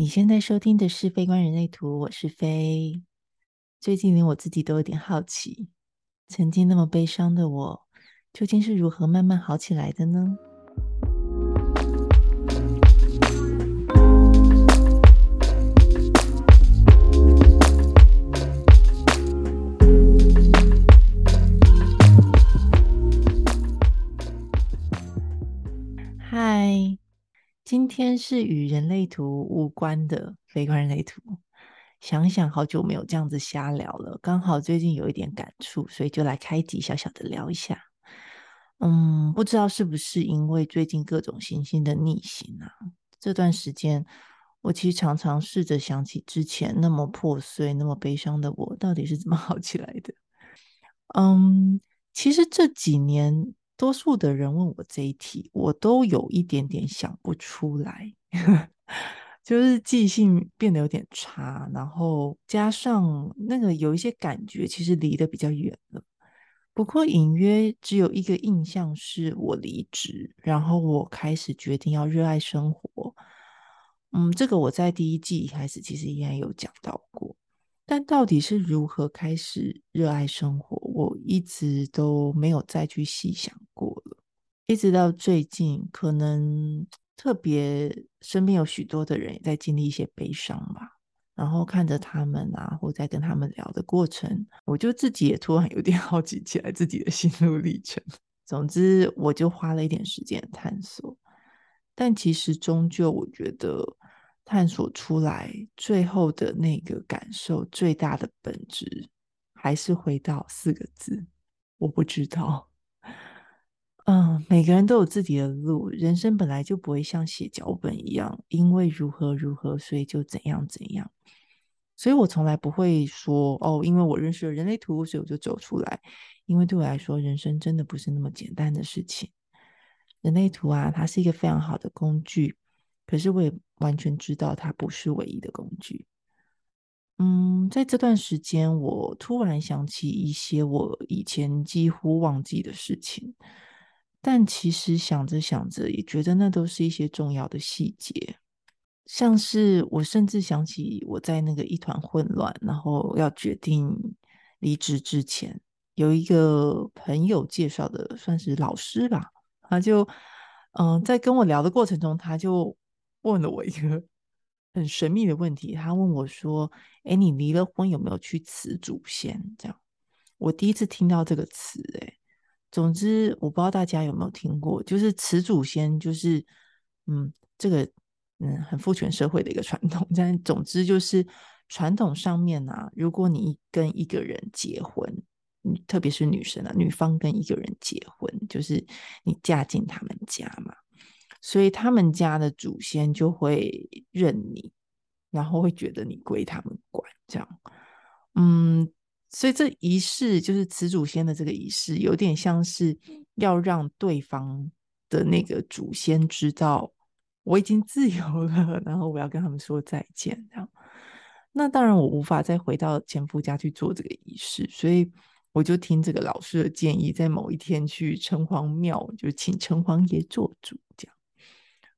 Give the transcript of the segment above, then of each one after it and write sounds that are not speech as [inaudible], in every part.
你現在收聽的是《非關人類圖》，我是 Faye，最近連我自己都有點好奇，曾經那麼悲傷的我，究竟是如何慢慢好起來的呢？今天是與人類圖無關的非關人類圖，想想好久沒有這樣子瞎聊了，剛好最近有一點感觸，所以就來開啟小小的聊一下。嗯，不知道是不是因為最近各種行星的逆行啊，這段時間我其實常常試着想起之前那麼破碎、那麼悲傷的我，到底是怎麼好起來的？嗯，其實這幾年。多數的人問我這一題，我都有一點點想不出來， [laughs] 就是記性變得有點差，然後加上那個有一些感覺，其實離得比較遠了。不過隱約只有一個印象，是我離職，然後我開始決定要熱愛生活。嗯，這個我在第一季開始其實應該有講到過。但到底是如何開始熱愛生活，我一直都沒有再去細想過了。一直到最近，可能特別身邊有許多的人也在經歷一些悲傷吧，然後看着他們啊，或在跟他們聊的過程，我就自己也突然有點好奇起來自己的心路歷程。總之，我就花了一點時間探索。但其實終究，我覺得。探索出來最後的那個感受最大的本質，還是回到四個字：我不知道。嗯，每個人都有自己的路，人生本來就不會像寫腳本一樣，因為如何如何，所以就怎樣怎樣。所以我從來不會說哦，因為我認識了人類圖，所以我就走出來。因為對我來說，人生真的不是那麼簡單的事情。人類圖啊，它是一個非常好的工具，可是我也。完全知道它不是唯一的工具。嗯，在這段時間，我突然想起一些我以前幾乎忘記的事情，但其實想着想着，也覺得那都是一些重要的細節。像是我甚至想起我在那個一團混亂，然後要決定離職之前，有一個朋友介紹的，算是老師吧。他就嗯、呃，在跟我聊的過程中，他就。問了我一個很神秘的問題，他問我說：“哎，你離了婚有沒有去辭祖先？”這樣，我第一次聽到這個詞，哎，總之我不知道大家有沒有聽過，就是辭祖先就是，嗯，這個嗯很父權社會的一個傳統。但總之就是傳統上面呢、啊，如果你跟一個人結婚，嗯，特別是女生啊，女方跟一個人結婚，就是你嫁進他們家嘛。所以他們家的祖先就會認你，然後會覺得你歸他們管，這樣。嗯，所以這儀式就是辭祖先的這個儀式，有點像是要讓對方的那個祖先知道我已經自由了，然後我要跟他們說再見。這樣。那當然，我無法再回到前夫家去做這個儀式，所以我就聽這個老師的建議，在某一天去城隍廟，就請城隍爺做主，這樣。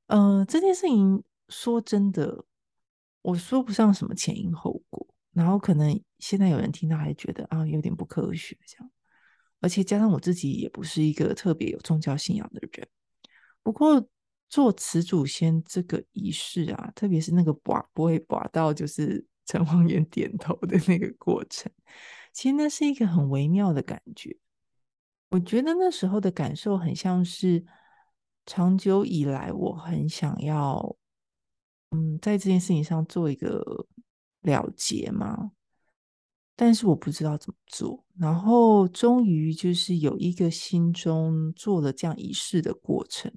呃，這件事情說真的，我說不上什麼前因後果。然後可能現在有人聽到還覺得啊，有點不科學這樣。而且加上我自己也不是一個特別有宗教信仰的人。不過做慈祖先這個儀式啊，特別是那個寡不會寡到就是陳黃炎點頭的那個過程，其實那是一個很微妙的感覺。我覺得那時候的感受很像是。長久以來，我很想要，嗯，在這件事情上做一個了結嘛，但是我不知道怎麼做。然後終於就是有一個心中做了這樣儀式的過程，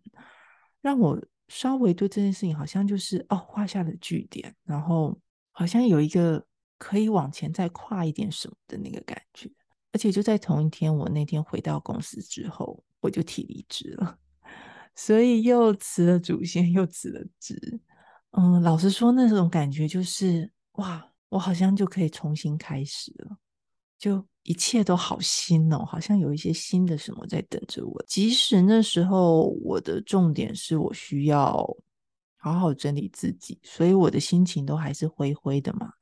讓我稍微對這件事情好像就是，哦，畫下了句點，然後好像有一個可以往前再跨一點什麼的那個感覺。而且就在同一天，我那天回到公司之後，我就提離職了。所以又辭了主線，又辭了職。嗯，老實說，那種感覺就是，哇，我好像就可以重新開始了，就一切都好新哦，好像有一些新的什麼在等着我。即使那時候我的重點是我需要好好整理自己，所以我的心情都還是灰灰的嘛。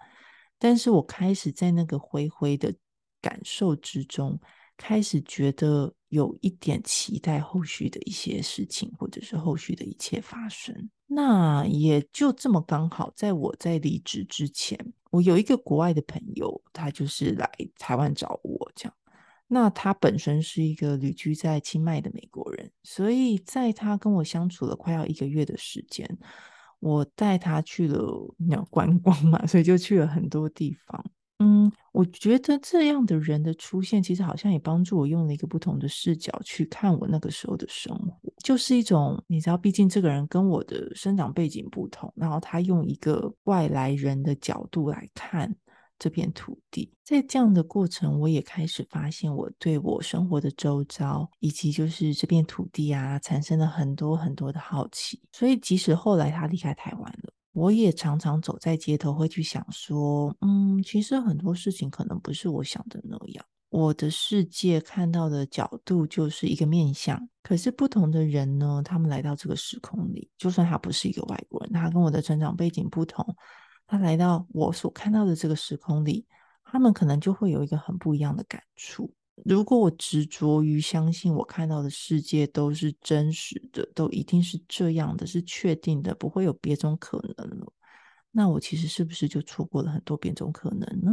但是我開始在那個灰灰的感受之中。開始覺得有一點期待後續的一些事情，或者是後續的一切發生。那也就這麼剛好，在我在離職之前，我有一個國外的朋友，他就是來台灣找我這樣。那他本身是一個旅居在清邁的美國人，所以在他跟我相處了快要一個月的時間，我帶他去了你要觀光嘛，所以就去了很多地方。嗯，我覺得這樣的人的出現，其實好像也幫助我用了一個不同的視角去看我那個時候的生活，就是一種你知道，畢竟這個人跟我的生長背景不同，然後他用一個外來人的角度來看這片土地，在這樣的過程，我也開始發現我對我生活的周遭，以及就是這片土地啊，產生了很多很多的好奇。所以即使後來他離開台灣了。我也常常走在街頭，會去想說，嗯，其實很多事情可能不是我想的那樣。我的世界看到的角度就是一個面向，可是不同的人呢，他們來到這個時空裡，就算他不是一個外國人，他跟我的成長背景不同，他來到我所看到的這個時空裡，他們可能就會有一個很不一樣的感觸。如果我執着於相信我看到的世界都是真實的，都一定是這樣的，是確定的，不會有別種可能了，那我其實是不是就錯過了很多別種可能呢？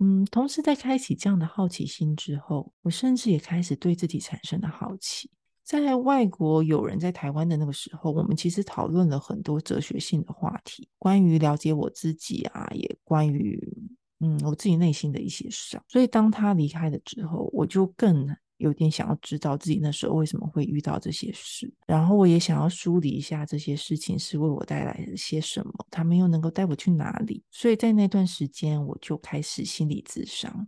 嗯，同時在開啟這樣的好奇心之後，我甚至也開始對自己產生了好奇。在外國友人在台灣的那個時候，我們其實討論了很多哲學性的話題，關於了解我自己啊，也關於。嗯，我自己內心的一些傷，所以當他離開了之後，我就更有點想要知道自己那時候為什麼會遇到這些事，然後我也想要梳理一下這些事情是為我帶來了些什麼，他們又能夠帶我去哪裡。所以在那段時間，我就開始心理諮商。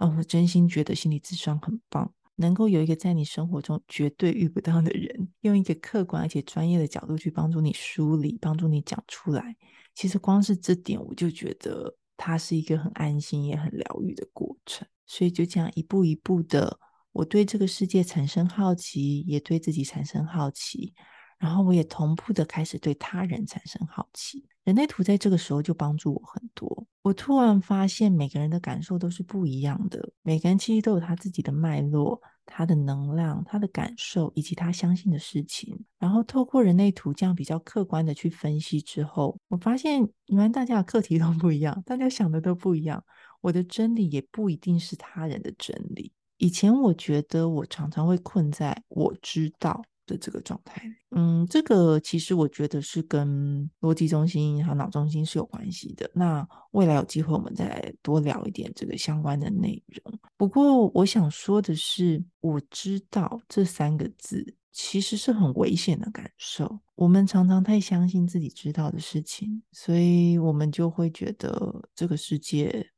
嗯、哦，我真心覺得心理諮商很棒，能夠有一個在你生活中絕對遇不到的人，用一個客觀而且專業的角度去幫助你梳理，幫助你講出來。其實光是這點，我就覺得。它是一個很安心也很療癒的過程，所以就這樣一步一步的，我對這個世界產生好奇，也對自己產生好奇。然後我也同步的開始對他人產生好奇，人類圖在這個時候就幫助我很多。我突然發現每個人的感受都是不一樣的，每個人其實都有他自己的脈絡、他的能量、他的感受以及他相信的事情。然後透過人類圖這樣比較客觀的去分析之後，我發現原來大家的課題都不一樣，大家想的都不一樣。我的真理也不一定是他人的真理。以前我覺得我常常會困在我知道的這個狀態，嗯，這個其實我覺得是跟邏輯中心還有腦中心是有關係的。那未來有機會，我們再來多聊一點這個相關的內容。不過我想說的是，我知道這三個字其實是很危險的感受。我們常常太相信自己知道的事情，所以我們就會覺得這個世界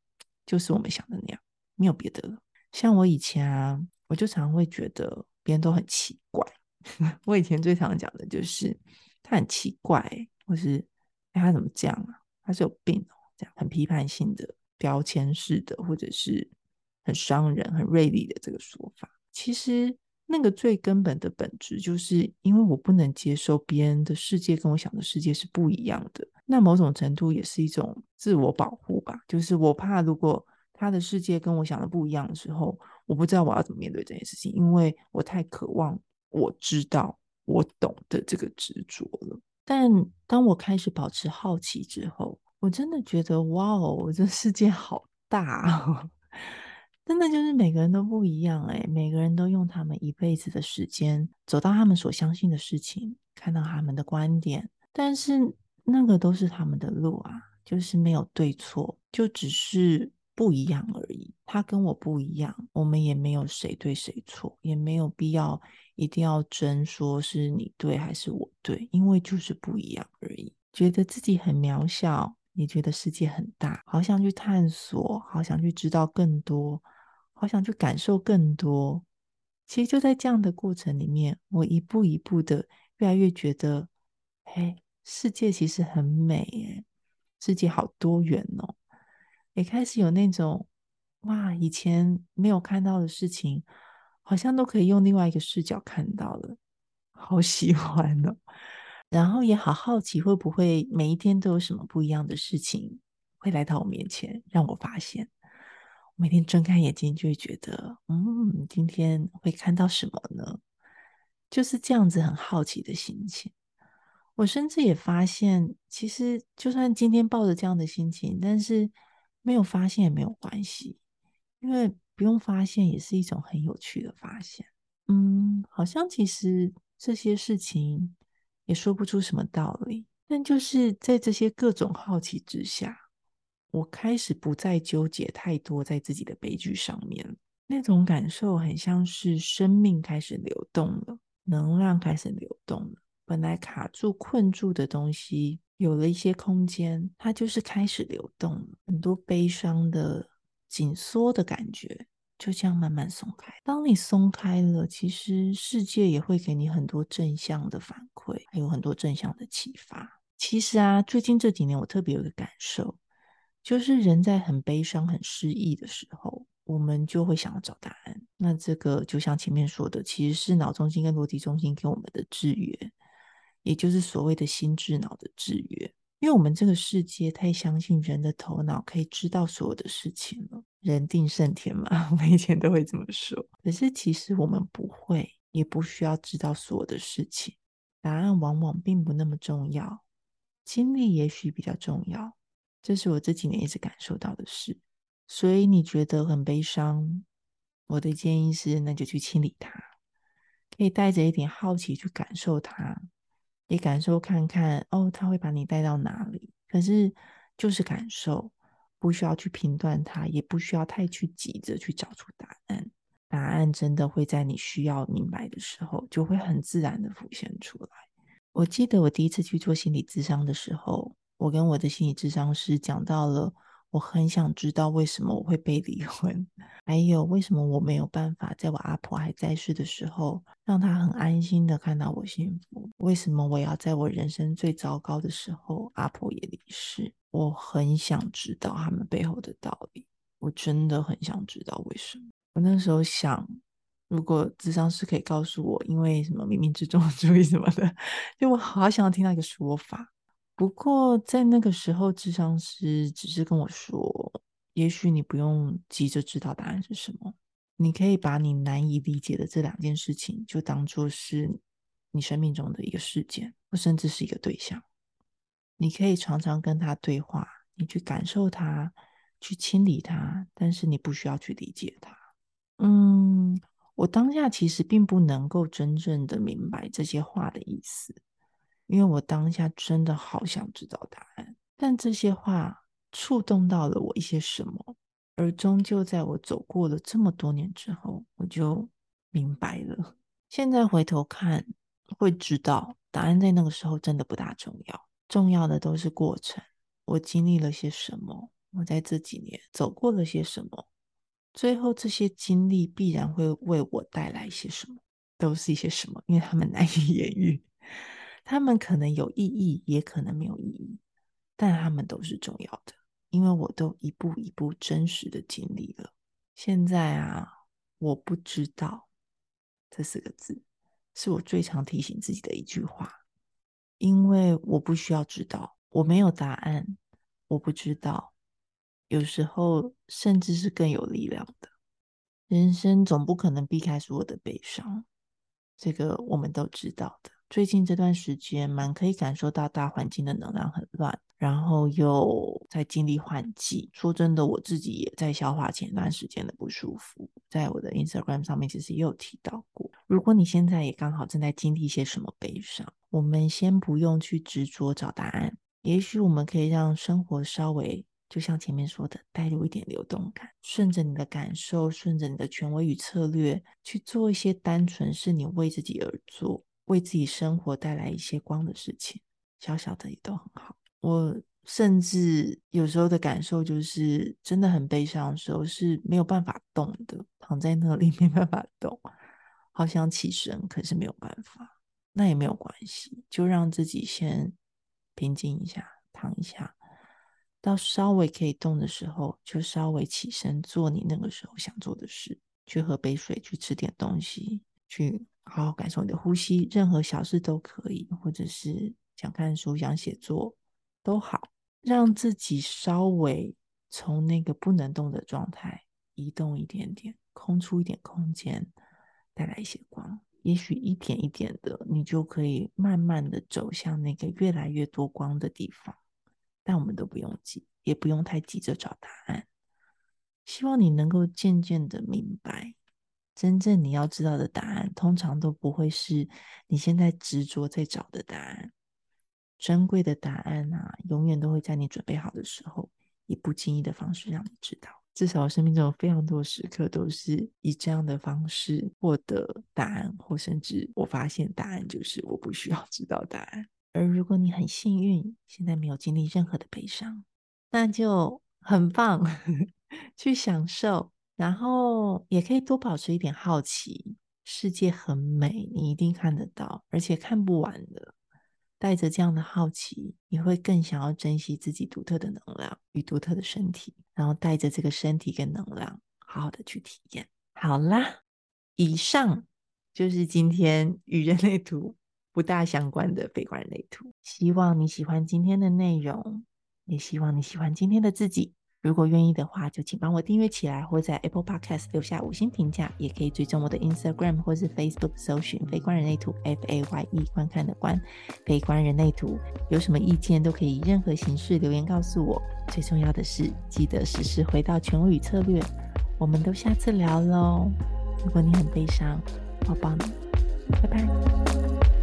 就是我們想的那樣，沒有別的了。像我以前啊，我就常會覺得別人都很奇怪。 [laughs] 我以前最常講的就是他很奇怪，欸，或是他，欸，怎麼這樣啊？他是有病哦，這樣很批判性的、標籤式的，或者是很傷人、很銳利的這個說法。其實那個最根本的本質，就是因為我不能接受別人的世界跟我想的世界是不一樣的。那某種程度也是一種自我保護吧，就是我怕如果他的世界跟我想的不一樣的時候，我不知道我要怎麼面對這件事情，因為我太渴望。我知道，我懂得這個執着了。但當我開始保持好奇之後，我真的覺得，哇哦，這世界好大哦！ [laughs] 真的就是每個人都不一樣，哎，每個人都用他們一輩子的時間走到他們所相信的事情，看到他們的觀點。但是那個都是他們的路啊，就是沒有對錯，就只是不一樣而已。他跟我不一樣，我們也沒有誰對誰錯，也沒有必要。一定要爭，說是你對還是我對，因為就是不一樣而已。覺得自己很渺小，也覺得世界很大，好想去探索，好想去知道更多，好想去感受更多。其實就在這樣的過程裡面，我一步一步的越來越覺得，欸、世界其實很美、欸，耶，世界好多元哦、喔，也開始有那種，哇，以前沒有看到的事情。好像都可以用另外一個視角看到了，好喜歡哦、啊！然後也好好奇，會不會每一天都有什麼不一樣的事情會來到我面前，讓我發現？每天睜開眼睛就會覺得，嗯，今天會看到什麼呢？就是這樣子很好奇的心情。我甚至也發現，其實就算今天抱着這樣的心情，但是沒有發現也沒有關係，因為。不用發現也是一種很有趣的發現，嗯，好像其實這些事情也說不出什麼道理，但就是在這些各種好奇之下，我開始不再糾結太多在自己的悲劇上面，那種感受很像是生命開始流動了，能量開始流動了，本來卡住困住的東西有了一些空間，它就是開始流動了，很多悲傷的。緊縮的感覺，就這樣慢慢鬆開。當你鬆開了，其實世界也會給你很多正向的反饋，還有很多正向的啟發。其實啊，最近這幾年我特別有一個感受，就是人在很悲傷、很失意的時候，我們就會想要找答案。那這個就像前面說的，其實是腦中心跟邏輯中心給我們的制約，也就是所謂的心智腦的制約。因為我們這個世界太相信人的頭腦可以知道所有的事情了，人定勝天嘛，我們以前都會這麼說。可是其實我們不會，也不需要知道所有的事情，答案往往並不那麼重要，經歷也許比較重要，這是我這幾年一直感受到的事。所以你覺得很悲傷，我的建議是，那就去清理它，可以帶着一點好奇去感受它。也感受看看哦，他會把你帶到哪裡？可是就是感受，不需要去評斷它，也不需要太去急着去找出答案。答案真的會在你需要明白的時候，就會很自然地浮現出來。我記得我第一次去做心理諮商的時候，我跟我的心理諮商師講到了。我很想知道為什麼我會被離婚，還有為什麼我沒有辦法在我阿婆還在世的時候，讓她很安心的看到我幸福。為什麼我要在我人生最糟糕的時候，阿婆也離世？我很想知道他們背後的道理，我真的很想知道為什麼。我那時候想，如果諮商師可以告訴我，因為什麼冥冥之中注意什麼的，因為我好想要聽到一個說法。不過，在那個時候，諮商師只是跟我說：“也許你不用急着知道答案是什麼，你可以把你難以理解的這兩件事情，就當做是你生命中的一個事件，或甚至是一個對象。你可以常常跟他對話，你去感受他，去清理他，但是你不需要去理解他。”嗯，我當下其實並不能夠真正的明白這些話的意思。因為我當下真的好想知道答案，但這些話觸動到了我一些什麼，而終究在我走過了這麼多年之後，我就明白了。現在回頭看，會知道答案在那個時候真的不大重要，重要的都是過程。我經歷了些什麼？我在這幾年走過了些什麼？最後這些經歷必然會為我帶來一些什麼，都是一些什麼，因為他們難以言喻。他們可能有意義，也可能沒有意義，但他們都是重要的，因為我都一步一步真實的經歷了。現在啊，我不知道這四個字是我最常提醒自己的一句話，因為我不需要知道，我沒有答案，我不知道。有時候甚至是更有力量的。人生總不可能避開所有的悲傷，這個我們都知道的。最近這段時間，蠻可以感受到大環境的能量很亂，然後又在經歷換季。說真的，我自己也在消化前段時間的不舒服，在我的 Instagram 上面其實也有提到過。如果你現在也剛好正在經歷一些什麼悲傷，我們先不用去執着找答案，也許我們可以讓生活稍微就像前面說的，帶入一點流動感，順着你的感受，順着你的權威與策略去做一些單純是你為自己而做。為自己生活帶來一些光的事情，小小的也都很好。我甚至有時候的感受就是，真的很悲傷的時候是沒有辦法動的，躺在那裡沒辦法動，好想起身，可是沒有辦法。那也沒有關係，就讓自己先平靜一下，躺一下。到稍微可以動的時候，就稍微起身做你那個時候想做的事，去喝杯水，去吃點東西。去好好感受你的呼吸，任何小事都可以，或者是想看書、想寫作都好，讓自己稍微從那個不能動的狀態移動一點點，空出一點空間，帶來一些光，也許一點一點的，你就可以慢慢的走向那個越來越多光的地方。但我們都不用急，也不用太急着找答案，希望你能夠漸漸的明白。真正你要知道的答案，通常都不會是你現在執着在找的答案。珍貴的答案啊，永遠都會在你準備好的時候，以不經意的方式讓你知道。至少我生命中有非常多時刻，都是以這樣的方式獲得答案，或甚至我發現答案就是我不需要知道答案。而如果你很幸運，現在沒有經歷任何的悲傷，那就很棒， [laughs] 去享受。然後也可以多保持一點好奇，世界很美，你一定看得到，而且看不完的。帶着這樣的好奇，你會更想要珍惜自己獨特的能量與獨特的身體，然後帶着這個身體跟能量，好好的去體驗。好啦，以上就是今天與人類圖不大相關的非關人類圖。希望你喜歡今天的內容，也希望你喜歡今天的自己。如果願意的話，就請幫我訂閱起來，或在 Apple Podcast 留下五星評價。也可以追蹤我的 Instagram 或是 Facebook，搜尋 “Faye 觀人類圖” F A Y E 觀看的觀，Faye 觀人類圖。有什麼意見都可以以任何形式留言告訴我。最重要的是，記得時時回到權威與策略。我們都下次聊嘍。如果你很悲傷，抱抱你，拜拜。